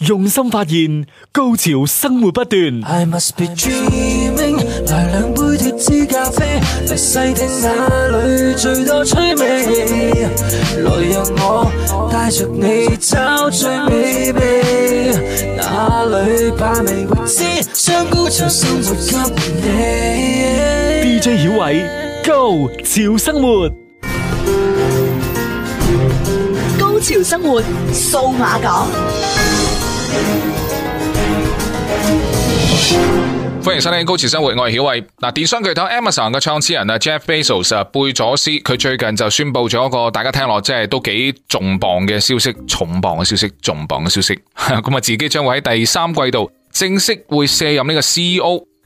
用心發現，高潮生活不斷。I must be dreaming，來兩杯脫脂咖啡，嚟細聽那裏最多趣味。來讓我帶着你找最美味，哪裏把味未知，將高潮生活給你。DJ 小偉，Go，潮生活，高潮生活數碼港。歡迎收聽《高詞生活》，我係曉偉。嗱，電商巨頭 Amazon 嘅創始人啊，Jeff Bezos 貝佐斯，佢最近就宣布咗一個大家聽落即係都幾重磅嘅消息，重磅嘅消息，重磅嘅消息。咁啊，自己將會喺第三季度正式會卸任呢個 CEO。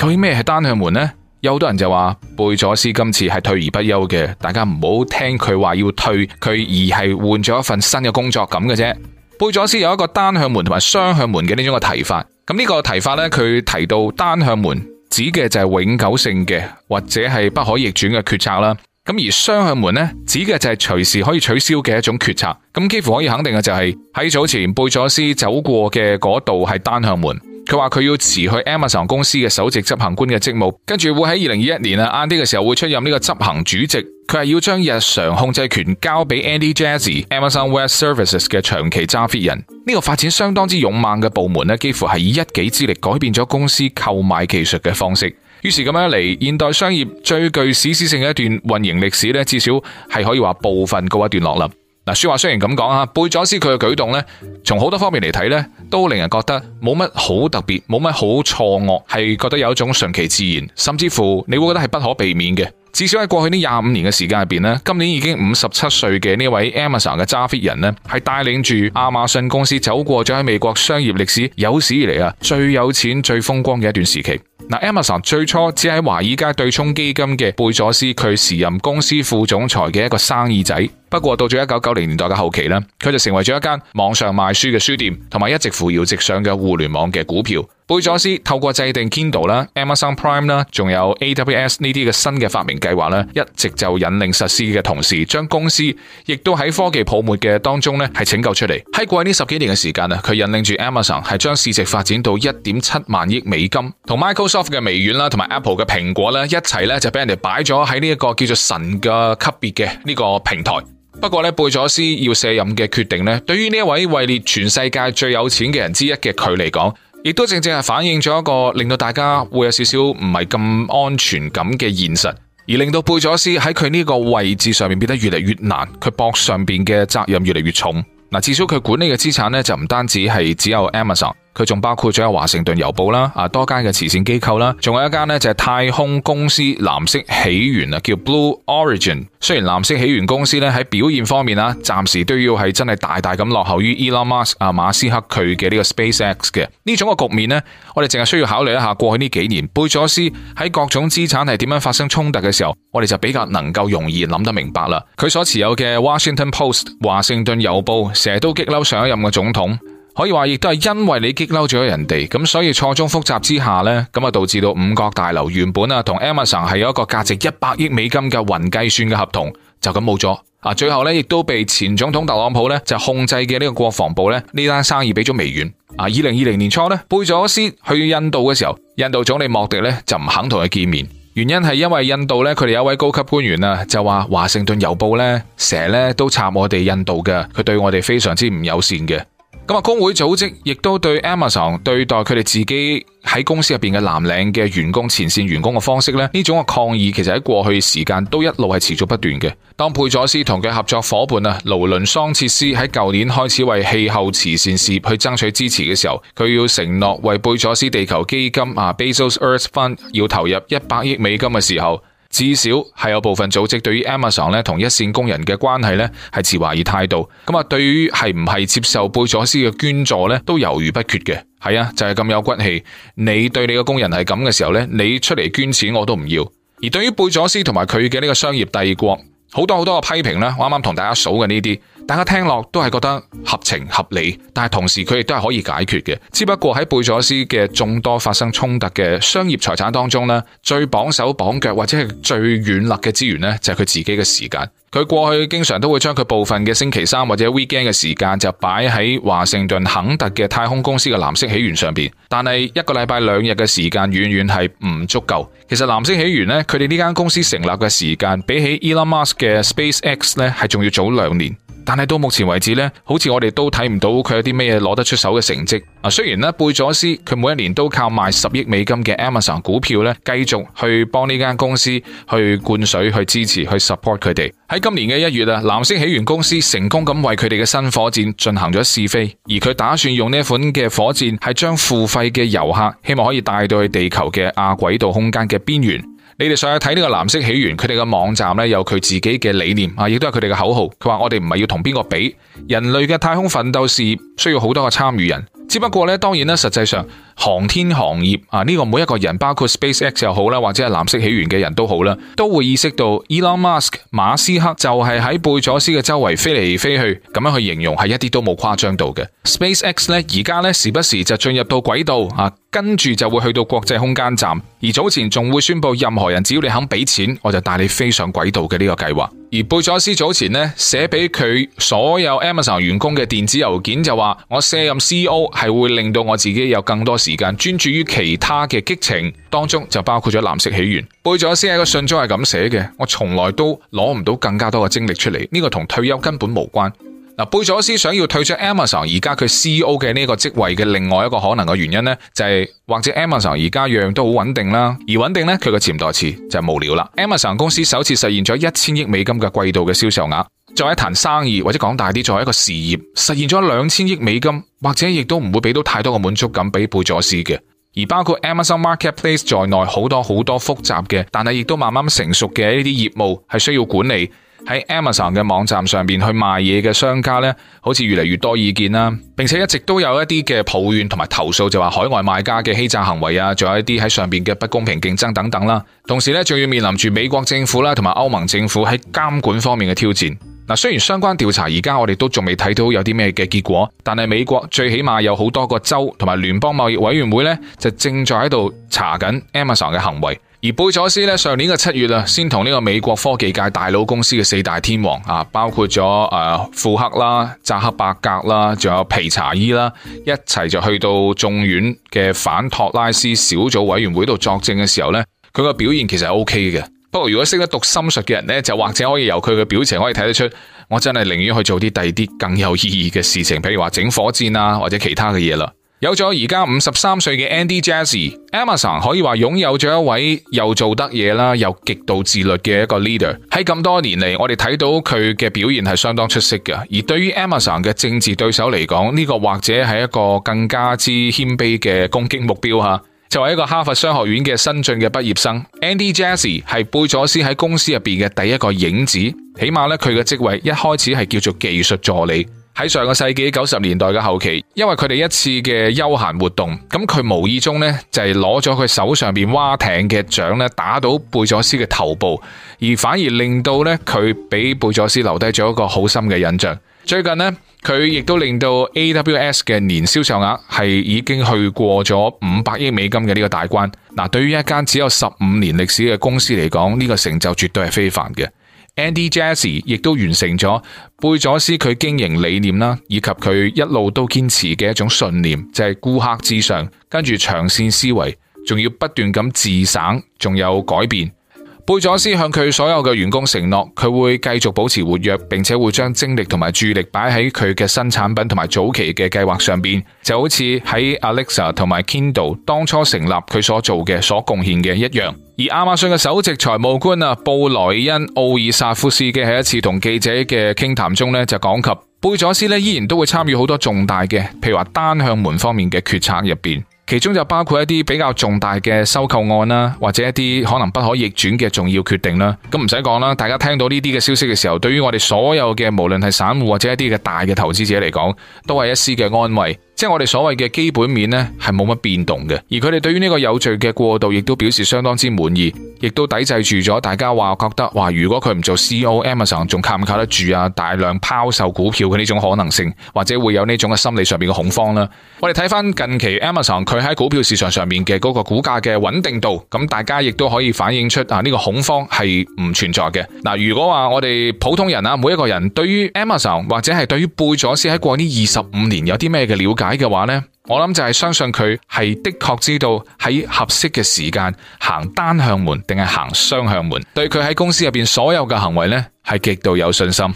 究竟咩係單向門呢？有好多人就話貝佐斯今次係退而不休嘅，大家唔好聽佢話要退，佢而係換咗一份新嘅工作咁嘅啫。貝佐斯有一個單向門同埋雙向門嘅呢種嘅提法，咁呢個提法咧，佢提到單向門指嘅就係永久性嘅或者係不可逆轉嘅決策啦。咁而雙向門咧，指嘅就係隨時可以取消嘅一種決策。咁幾乎可以肯定嘅就係，喺早前貝佐斯走過嘅嗰度係單向門。佢話佢要辭去 Amazon 公司嘅首席執行官嘅職務，跟住會喺二零二一年啊晏啲嘅時候會出任呢個執行主席。佢係要將日常控制權交俾 Andy Jassy，Amazon Web Services 嘅長期揸 fit 人。呢個發展相當之勇猛嘅部門咧，幾乎係以一己之力改變咗公司購買技術嘅方式。於是咁樣嚟，現代商業最具史詩性嘅一段運營歷史咧，至少係可以話部分告一段落啦。嗱，說話雖然咁講啊，貝佐斯佢嘅舉動咧，從好多方面嚟睇咧，都令人覺得冇乜好特別，冇乜好錯愕，係覺得有一種順其自然，甚至乎你會覺得係不可避免嘅。至少喺過去呢廿五年嘅時間入面咧，今年已經五十七歲嘅呢位 Amazon 嘅揸 Fit 人咧，係帶領住亞馬遜公司走過咗喺美國商業歷史有史以嚟啊最有錢、最風光嘅一段時期。嗱，Amazon 最初只係華爾街對沖基金嘅貝佐斯，佢時任公司副總裁嘅一個生意仔。不過到咗一九九零年代嘅後期咧，佢就成為咗一間網上賣書嘅書店，同埋一直扶搖直上嘅互聯網嘅股票。貝佐斯透過制定 Kindle 啦、Amazon Prime 啦，仲有 AWS 呢啲嘅新嘅發明計劃咧，一直就引領實施嘅同時，將公司亦都喺科技泡沫嘅當中咧係拯救出嚟。喺過去呢十幾年嘅時間啊，佢引領住 Amazon 係將市值發展到一點七萬億美金，同 Microsoft 嘅微軟啦，同埋 Apple 嘅蘋果咧一齊咧就俾人哋擺咗喺呢一個叫做神嘅級別嘅呢個平台。不過咧，貝佐斯要卸任嘅決定呢，對於呢一位位列全世界最有錢嘅人之一嘅佢嚟講，亦都正正係反映咗一個令到大家會有少少唔係咁安全感嘅現實，而令到貝佐斯喺佢呢個位置上面變得越嚟越難，佢膊上邊嘅責任越嚟越重。嗱，至少佢管理嘅資產呢，就唔單止係只有 Amazon。佢仲包括咗有華盛頓郵報啦，啊多間嘅慈善機構啦，仲有一間咧就係太空公司藍色起源啊，叫 Blue Origin。雖然藍色起源公司咧喺表現方面啊，暫時都要係真係大大咁落後於 Elon Musk 啊馬斯克佢嘅呢個 SpaceX 嘅呢種嘅局面呢，我哋淨係需要考慮一下過去呢幾年貝佐斯喺各種資產係點樣發生衝突嘅時候，我哋就比較能夠容易諗得明白啦。佢所持有嘅 Washington Post 華盛頓郵報成日都激嬲上一任嘅總統。可以話亦都係因為你激嬲咗人哋，咁所以錯綜複雜之下呢，咁啊導致到五角大樓原本啊同 Amazon 係有一個價值一百億美金嘅雲計算嘅合同就咁冇咗。啊，最後呢，亦都被前總統特朗普呢就控制嘅呢個國防部呢呢單生意俾咗微軟。啊，二零二零年初呢，貝佐斯去印度嘅時候，印度總理莫迪呢就唔肯同佢見面，原因係因為印度呢，佢哋有一位高級官員啊就話華盛頓郵報呢，成日呢都插我哋印度嘅，佢對我哋非常之唔友善嘅。咁啊，工會組織亦都對 Amazon 對待佢哋自己喺公司入邊嘅藍領嘅員工、前線員工嘅方式咧，呢種嘅抗議，其實喺過去時間都一路係持續不斷嘅。當貝佐斯同佢合作夥伴啊，勞倫桑切斯喺舊年開始為氣候慈善事業去爭取支持嘅時候，佢要承諾為貝佐斯地球基金啊 （Bezos Earth Fund） 要投入一百億美金嘅時候。至少係有部分組織對於 Amazon 咧同一線工人嘅關係咧係持懷疑態度，咁啊對於係唔係接受貝佐斯嘅捐助咧都猶豫不決嘅，係啊就係咁有骨氣，你對你嘅工人係咁嘅時候咧，你出嚟捐錢我都唔要，而對於貝佐斯同埋佢嘅呢個商業帝國，好多好多嘅批評啦，啱啱同大家數嘅呢啲。大家聽落都係覺得合情合理，但係同時佢亦都係可以解決嘅。只不過喺貝佐斯嘅眾多發生衝突嘅商業財產當中咧，最綁手綁腳或者係最軟肋嘅資源咧，就係佢自己嘅時間。佢過去經常都會將佢部分嘅星期三或者 weekend 嘅時間就擺喺華盛頓肯特嘅太空公司嘅藍色起源上邊，但係一個禮拜兩日嘅時間遠遠係唔足夠。其實藍色起源咧，佢哋呢間公司成立嘅時間比起 Elon Musk 嘅 SpaceX 咧係仲要早兩年。但係到目前為止咧，好似我哋都睇唔到佢有啲咩攞得出手嘅成績。啊，雖然咧貝佐斯佢每一年都靠賣十億美金嘅 Amazon 股票咧，繼續去幫呢間公司去灌水、去支持、去 support 佢哋。喺今年嘅一月啊，藍色起源公司成功咁為佢哋嘅新火箭進行咗試飛，而佢打算用呢款嘅火箭係將付費嘅遊客希望可以帶到去地球嘅亞軌道空間嘅邊緣。你哋上去睇呢個藍色起源，佢哋嘅網站有佢自己嘅理念啊，亦都係佢哋嘅口號。佢話：我哋唔係要同邊個比，人類嘅太空奮鬥事業需要好多個參與人。只不過咧，當然咧，實際上航天行業啊，呢個每一個人，包括 Space X 又好啦，或者係藍色起源嘅人都好啦，都會意識到 Elon Musk 馬斯克就係喺貝佐斯嘅周圍飛嚟飛去，咁樣去形容係一啲都冇誇張度嘅。Space X 咧而家咧時不時就進入到軌道啊，跟住就會去到國際空間站，而早前仲會宣布任何人只要你肯俾錢，我就帶你飛上軌道嘅呢個計劃。而貝佐斯早前咧寫俾佢所有 Amazon 員工嘅電子郵件就話：我卸任 CEO 係會令到我自己有更多時間專注於其他嘅激情當中，就包括咗藍色起源。貝佐斯喺個信中係咁寫嘅：我從來都攞唔到更加多嘅精力出嚟，呢個同退休根本無關。嗱，貝佐斯想要退出 Amazon，而家佢 CEO 嘅呢個職位嘅另外一個可能嘅原因呢，就係或者 Amazon 而家樣都好穩定啦，而穩定呢，佢嘅潛台詞就係無聊啦。Amazon 公司首次實現咗一千億美金嘅季度嘅銷售額。作為一談生意或者講大啲，作為一個事業，實現咗兩千億美金，或者亦都唔會俾到太多嘅滿足感俾貝佐斯嘅。而包括 Amazon Marketplace 在內，好多好多多複雜嘅，但係亦都慢慢成熟嘅呢啲業務係需要管理。喺 Amazon 嘅網站上邊去賣嘢嘅商家咧,好似越嚟越多意見啦，並且一直都有一啲嘅抱怨同埋投訴，就話海外賣家嘅欺詐行為啊，仲有一啲喺上邊嘅不公平競爭等等啦。同時咧，仲要面臨住美國政府啦同埋歐盟政府喺監管方面嘅挑戰。嗱，雖然相關調查而家我哋都仲未睇到有啲咩嘅結果，但係美國最起碼有好多個州同埋聯邦貿易委員會咧，就正在喺度查緊 Amazon 嘅行為。而貝佐斯咧，上年嘅七月啊，先同呢個美國科技界大佬公司嘅四大天王啊，包括咗誒庫克啦、扎克伯格啦，仲有皮查伊啦，一齊就去到眾院嘅反托拉斯小組委員會度作證嘅時候呢，佢個表現其實係 OK 嘅。不過如果識得讀心術嘅人呢，就或者可以由佢嘅表情可以睇得出，我真係寧願去做啲第二啲更有意義嘅事情，譬如話整火箭啊，或者其他嘅嘢啦。有咗而家五十三歲嘅 Andy Jassy，Amazon 可以話擁有咗一位又做得嘢啦，又極度自律嘅一個 leader。喺咁多年嚟，我哋睇到佢嘅表現係相當出色嘅。而對於 Amazon 嘅政治對手嚟講，呢、這個或者係一個更加之謙卑嘅攻擊目標吓。就係、是、一個哈佛商學院嘅新晉嘅畢業生 Andy Jassy，係貝佐斯喺公司入邊嘅第一個影子。起碼咧，佢嘅職位一開始係叫做技術助理。喺上個世紀九十年代嘅後期，因為佢哋一次嘅休閒活動，咁佢無意中呢就係攞咗佢手上邊蛙艇嘅槳呢打到貝佐斯嘅頭部，而反而令到呢佢俾貝佐斯留低咗一個好深嘅印象。最近呢，佢亦都令到 AWS 嘅年銷售額係已經去過咗五百億美金嘅呢個大關。嗱，對於一間只有十五年歷史嘅公司嚟講，呢個成就絕對係非凡嘅。Andy Jassy 亦都完成咗貝佐斯佢經營理念啦，以及佢一路都堅持嘅一種信念，就係、是、顧客至上，跟住長線思維，仲要不斷咁自省，仲有改變。貝佐斯向佢所有嘅員工承諾，佢會繼續保持活躍，並且會將精力同埋注意力擺喺佢嘅新產品同埋早期嘅計劃上邊，就好似喺 Alexa 同埋 Kindle 當初成立佢所做嘅、所貢獻嘅一樣。而亞馬遜嘅首席財務官啊，布萊恩奧爾薩夫斯基喺一次同記者嘅傾談，談中咧，就講及貝佐斯咧依然都會參與好多重大嘅，譬如話單向門方面嘅決策入邊。其中就包括一啲比較重大嘅收購案啦，或者一啲可能不可逆轉嘅重要決定啦。咁唔使講啦，大家聽到呢啲嘅消息嘅時候，對於我哋所有嘅無論係散戶或者一啲嘅大嘅投資者嚟講，都係一絲嘅安慰。即係我哋所謂嘅基本面呢，係冇乜變動嘅。而佢哋對於呢個有序嘅過渡，亦都表示相當之滿意，亦都抵制住咗大家話覺得，哇！如果佢唔做 CEO Amazon，仲靠唔靠得住啊？大量拋售股票嘅呢種可能性，或者會有呢種嘅心理上面嘅恐慌啦。我哋睇翻近期 Amazon 佢喺股票市場上面嘅嗰個股價嘅穩定度，咁大家亦都可以反映出啊呢個恐慌係唔存在嘅。嗱，如果話我哋普通人啊，每一個人對於 Amazon 或者係對於貝佐斯喺過去呢二十五年有啲咩嘅了解？嘅話咧，我諗就係相信佢係的確知道喺合適嘅時間行單向門定係行雙向門，對佢喺公司入邊所有嘅行為呢係極度有信心。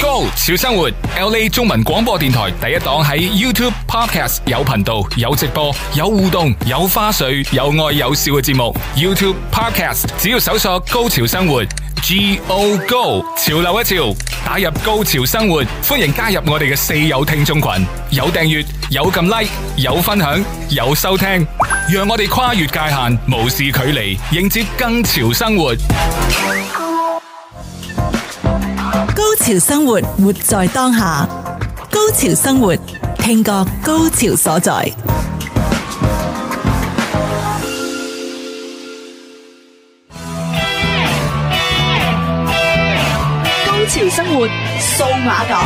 高潮生活，LA 中文廣播電台第一檔喺 YouTube podcast 有頻道、有直播、有互動、有花絮、有愛有笑嘅節目。YouTube podcast 只要搜索高潮生活。Go go！潮流一潮，打入高潮生活，歡迎加入我哋嘅四友聽眾群，有訂閱，有撳 like，有分享，有收聽，讓我哋跨越界限，無視距離，迎接更潮生活。高潮生活，活在當下；高潮生活，聽覺高潮所在。潮生活數碼港，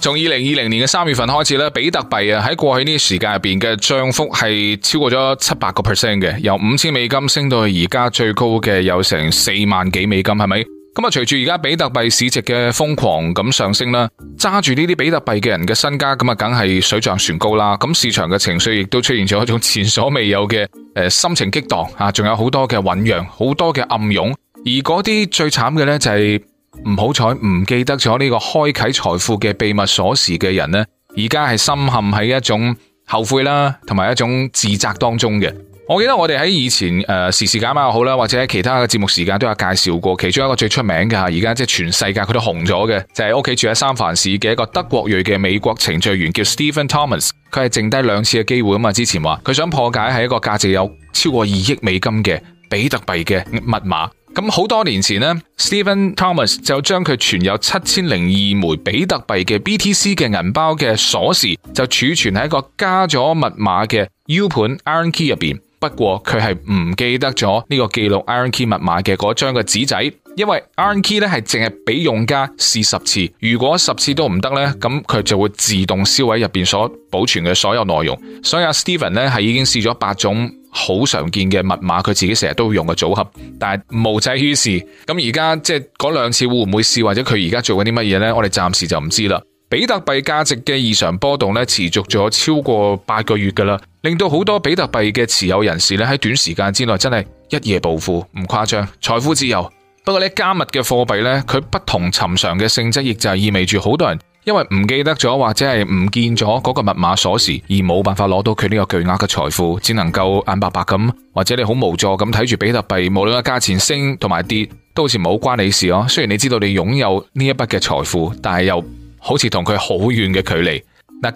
從二零二零年嘅三月份開始咧，比特幣啊，喺過去呢啲時間入邊嘅漲幅係超過咗七百個 percent 嘅，由五千美金升到而家最高嘅有成四萬幾美金，係咪？咁啊，隨住而家比特幣市值嘅瘋狂咁上升啦，揸住呢啲比特幣嘅人嘅身家咁啊，梗係水漲船高啦。咁市場嘅情緒亦都出現咗一種前所未有嘅誒，心情激蕩啊！仲有好多嘅醞釀，好多嘅暗湧，而嗰啲最慘嘅咧就係、是。唔好彩，唔記得咗呢個開啟財富嘅秘密鎖匙嘅人呢，而家係深陷喺一種後悔啦，同埋一種自責當中嘅。我記得我哋喺以前誒、呃、時事解碼又好啦，或者喺其他嘅節目時間都有介紹過，其中一個最出名嘅吓，而家即係全世界佢都紅咗嘅，就係屋企住喺三藩市嘅一個德國裔嘅美國程序員，叫 Stephen Thomas，佢係剩低兩次嘅機會啊嘛，之前話佢想破解係一個價值有超過二億美金嘅比特幣嘅密碼。咁好多年前咧，Steven Thomas 就將佢存有七千零二枚比特幣嘅 BTC 嘅銀包嘅鎖匙就儲存喺一個加咗密碼嘅 U 盤 Iron Key 入面。不過佢係唔記得咗呢個記錄 Iron Key 密碼嘅嗰張嘅紙仔，因為 Iron Key 咧係淨係俾用家試十次，如果十次都唔得咧，咁佢就會自動銷毀入面所保存嘅所有內容。所以阿 Steven 咧係已經試咗八種。好常見嘅密碼，佢自己成日都會用嘅組合，但係無濟於事。咁而家即係嗰兩次會唔會試，或者佢而家做緊啲乜嘢咧？我哋暫時就唔知啦。比特幣價值嘅異常波動咧，持續咗超過八個月噶啦，令到好多比特幣嘅持有人士咧喺短時間之內真係一夜暴富，唔誇張，財富自由。不過呢加密嘅貨幣咧，佢不同尋常嘅性質，亦就係意味住好多人。因為唔記得咗或者係唔見咗嗰個密碼鎖匙，而冇辦法攞到佢呢個巨額嘅財富，只能夠眼白白咁，或者你好無助咁睇住比特幣，無論個價錢升同埋跌，都好似冇關你事咯。雖然你知道你擁有呢一筆嘅財富，但係又好似同佢好遠嘅距離。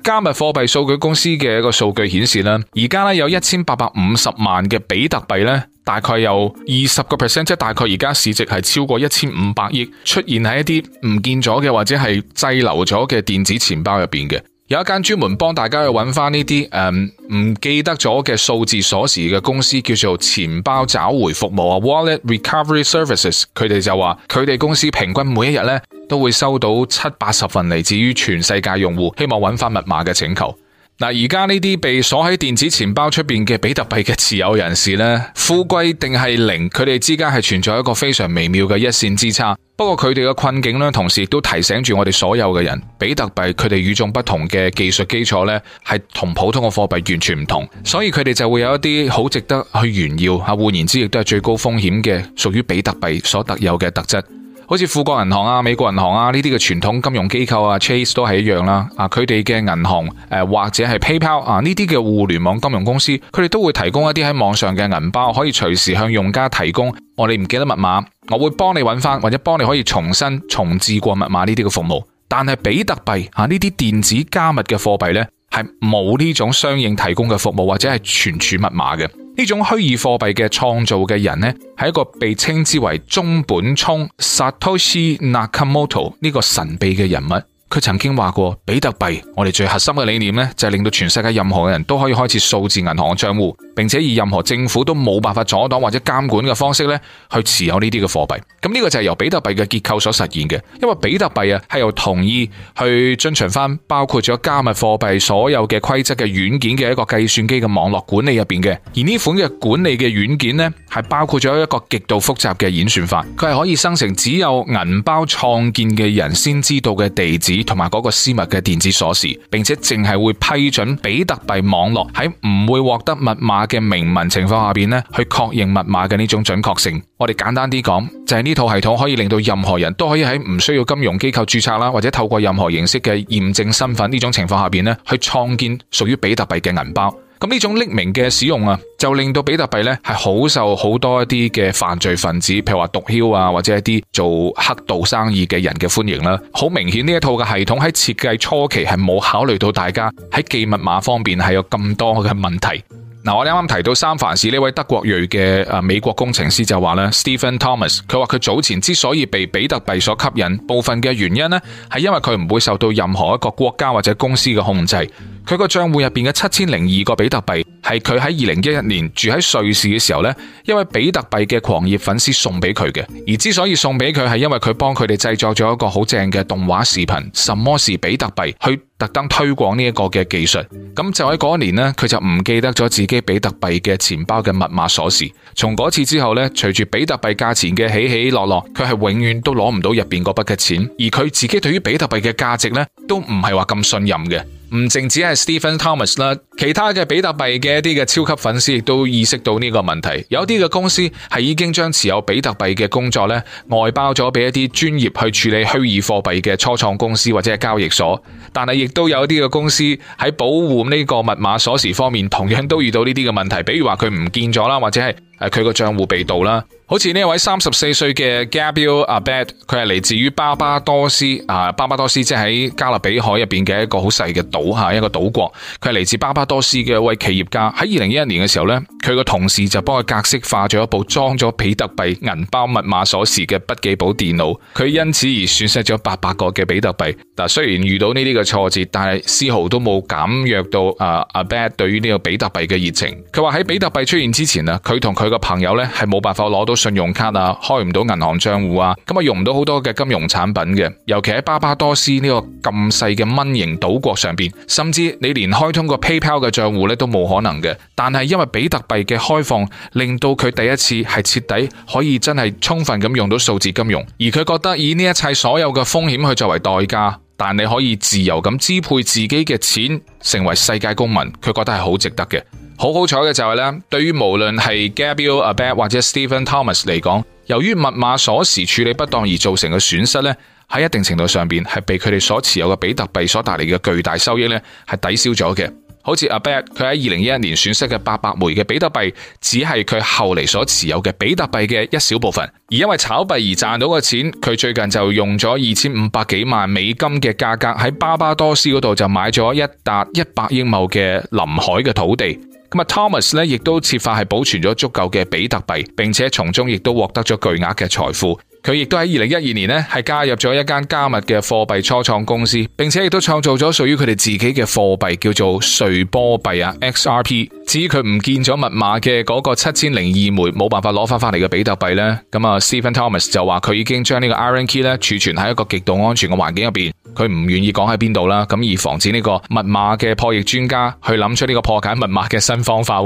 加密貨幣數據公司嘅一個數據顯示啦，而家咧有一千八百五十萬嘅比特幣呢。大概有二十個 percent，即係大概而家市值係超過一千五百億，出現喺一啲唔見咗嘅或者係滯留咗嘅電子錢包入邊嘅。有一間專門幫大家去揾翻呢啲誒唔記得咗嘅數字鎖匙嘅公司，叫做錢包找回服務啊 （Wallet Recovery Services）。佢哋就話，佢哋公司平均每一日咧都會收到七八十份嚟自於全世界用戶希望揾翻密碼嘅請求。嗱，而家呢啲被鎖喺電子錢包出邊嘅比特幣嘅持有人士呢，富貴定係零，佢哋之間係存在一個非常微妙嘅一線之差。不過佢哋嘅困境呢，同時亦都提醒住我哋所有嘅人，比特幣佢哋與眾不同嘅技術基礎呢，係同普通嘅貨幣完全唔同，所以佢哋就會有一啲好值得去炫耀啊。換言之，亦都係最高風險嘅，屬於比特幣所特有嘅特質。好似富國銀行啊、美國銀行啊呢啲嘅傳統金融機構啊，Chase 都係一樣啦。啊，佢哋嘅銀行誒或者係 PayPal 啊呢啲嘅互聯網金融公司，佢哋都會提供一啲喺網上嘅銀包，可以隨時向用家提供，我哋唔記得密碼，我會幫你揾翻或者幫你可以重新重置過密碼呢啲嘅服務。但係比特幣啊呢啲電子加密嘅貨幣咧，係冇呢種相應提供嘅服務或者係存儲密碼嘅。呢種虛擬貨幣嘅創造嘅人咧，係一個被稱之為中本聰 Satoshi Nakamoto 呢個神秘嘅人物。佢曾經話過，比特幣我哋最核心嘅理念咧，就係、是，令到全世界任何人都可以開始數字銀行嘅賬戶，並且以任何政府都冇辦法阻擋或者監管嘅方式咧，去持有呢啲嘅貨幣。咁、這、呢個就係由比特幣嘅結構所實現嘅，因為比特幣啊係由同意去遵循翻，包括咗加密貨幣所有嘅規則嘅軟件嘅一個計算機嘅網絡管理入邊嘅。而呢款嘅管理嘅軟件呢，係包括咗一個極度複雜嘅演算法，佢係可以生成只有銀包創建嘅人先知道嘅地址。同埋嗰個私密嘅電子鎖匙，並且淨係會批准比特幣網絡喺唔會獲得密碼嘅明文情況下邊咧，去確認密碼嘅呢種準確性。我哋簡單啲講，就係呢套系統可以令到任何人都可以喺唔需要金融機構註冊啦，或者透過任何形式嘅驗證身份呢種情況下邊咧，去創建屬於比特幣嘅銀包。咁呢種匿名嘅使用啊，就令到比特幣咧係好受好多一啲嘅犯罪分子，譬如話毒梟啊，或者一啲做黑道生意嘅人嘅歡迎啦。好明顯呢一套嘅系統喺設計初期係冇考慮到大家喺記密碼方面係有咁多嘅問題。嗱，我哋啱啱提到三藩市呢位德國裔嘅啊美國工程師就話咧 ，Stephen Thomas，佢話佢早前之所以被比特幣所吸引，部分嘅原因呢係因為佢唔會受到任何一個國家或者公司嘅控制。佢個賬戶入面嘅七千零二個比特幣係佢喺二零一一年住喺瑞士嘅時候，呢一位比特幣嘅狂熱粉絲送俾佢嘅。而之所以送俾佢，係因為佢幫佢哋製作咗一個好正嘅動畫視頻，什麼是比特幣？去特登推廣呢一個嘅技術。咁就喺嗰年，呢佢就唔記得咗自己比特幣嘅錢包嘅密碼鎖匙。從嗰次之後，呢隨住比特幣價錢嘅起起落落，佢係永遠都攞唔到入面嗰筆嘅錢。而佢自己對於比特幣嘅價值，呢都唔係話咁信任嘅。唔淨止係 Stephen Thomas 啦，其他嘅比特幣嘅一啲嘅超級粉絲亦都意識到呢個問題。有啲嘅公司係已經將持有比特幣嘅工作咧外包咗俾一啲專業去處理虛擬貨幣嘅初創公司或者係交易所。但係亦都有一啲嘅公司喺保護呢個密碼鎖匙方面，同樣都遇到呢啲嘅問題。比如話佢唔見咗啦，或者係。佢個賬戶被盜啦，好似呢位三十四歲嘅 Gabriel Abad，佢係嚟自於巴巴多斯啊，巴巴多斯即係喺加勒比海入邊嘅一個好細嘅島吓，一個島國，佢係嚟自巴巴多斯嘅一位企業家。喺二零一一年嘅時候呢，佢個同事就幫佢格式化咗一部裝咗比特幣銀包密碼鎖匙嘅筆記簿電腦，佢因此而損失咗八百個嘅比特幣。嗱，雖然遇到呢啲嘅挫折，但係絲毫都冇減弱到誒、啊、Abad 對於呢個比特幣嘅熱情。佢話喺比特幣出現之前啊，佢同佢佢個朋友咧，係冇辦法攞到信用卡啊，開唔到銀行賬戶啊，咁啊用唔到好多嘅金融產品嘅。尤其喺巴巴多斯呢個咁細嘅蚊型島國上邊，甚至你連開通個 PayPal 嘅賬戶咧都冇可能嘅。但係因為比特幣嘅開放，令到佢第一次係徹底可以真係充分咁用到數字金融。而佢覺得以呢一切所有嘅風險去作為代價，但你可以自由咁支配自己嘅錢，成為世界公民，佢覺得係好值得嘅。好好彩嘅就係、是、咧，對於無論係 Gabriel Abad 或者 Stephen Thomas 嚟講，由於密碼鎖匙處理不當而造成嘅損失咧，喺一定程度上邊係被佢哋所持有嘅比特幣所帶嚟嘅巨大收益咧係抵消咗嘅。好似 Abad 佢喺二零一一年損失嘅八百枚嘅比特幣，只係佢後嚟所持有嘅比特幣嘅一小部分。而因為炒幣而賺到嘅錢，佢最近就用咗二千五百幾萬美金嘅價格喺巴巴多斯嗰度就買咗一笪一百英畝嘅臨海嘅土地。Thomas 咧亦都設法係保存咗足夠嘅比特幣，並且從中亦都獲得咗巨額嘅財富。佢亦都喺二零一二年呢係加入咗一間加密嘅貨幣初創公司，並且亦都創造咗屬於佢哋自己嘅貨幣，叫做瑞波幣啊 （XRP）。至於佢唔見咗密碼嘅嗰個七千零二枚冇辦法攞翻翻嚟嘅比特幣呢。咁啊，Stephen Thomas 就話佢已經將呢個 Iron Key 咧儲存喺一個極度安全嘅環境入邊。佢唔願意講喺邊度啦，咁而防止呢個密碼嘅破譯專家去諗出呢個破解密碼嘅新方法，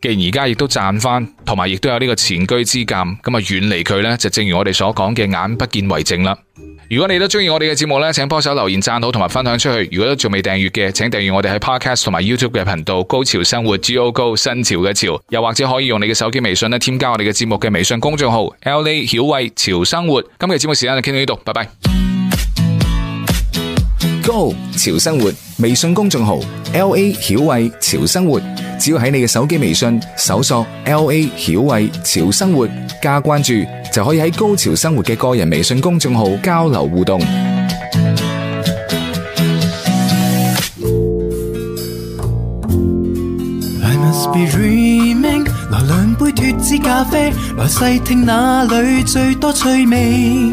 既然而家亦都賺返，同埋亦都有呢個前車之鑒，咁啊遠離佢呢，就正如我哋所講嘅眼不見為淨啦。如果你都中意我哋嘅節目呢，請幫手留言讚好，同埋分享出去。如果都仲未訂閱嘅，請訂閱我哋喺 Podcast 同埋 YouTube 嘅頻道《高潮生活》Go Go 新潮嘅潮，又或者可以用你嘅手機微信呢添加我哋嘅節目嘅微信公眾號 LA 曉慧潮生活。今日節目時間就傾到呢度，拜拜。Go 潮生活微信公眾號 L A 曉慧潮生活，只要喺你嘅手機微信搜索 L A 曉慧潮生活加關注，就可以喺高潮生活嘅個人微信公眾號交流互動。來兩杯脫脂咖啡，來細聽哪裏最多趣味。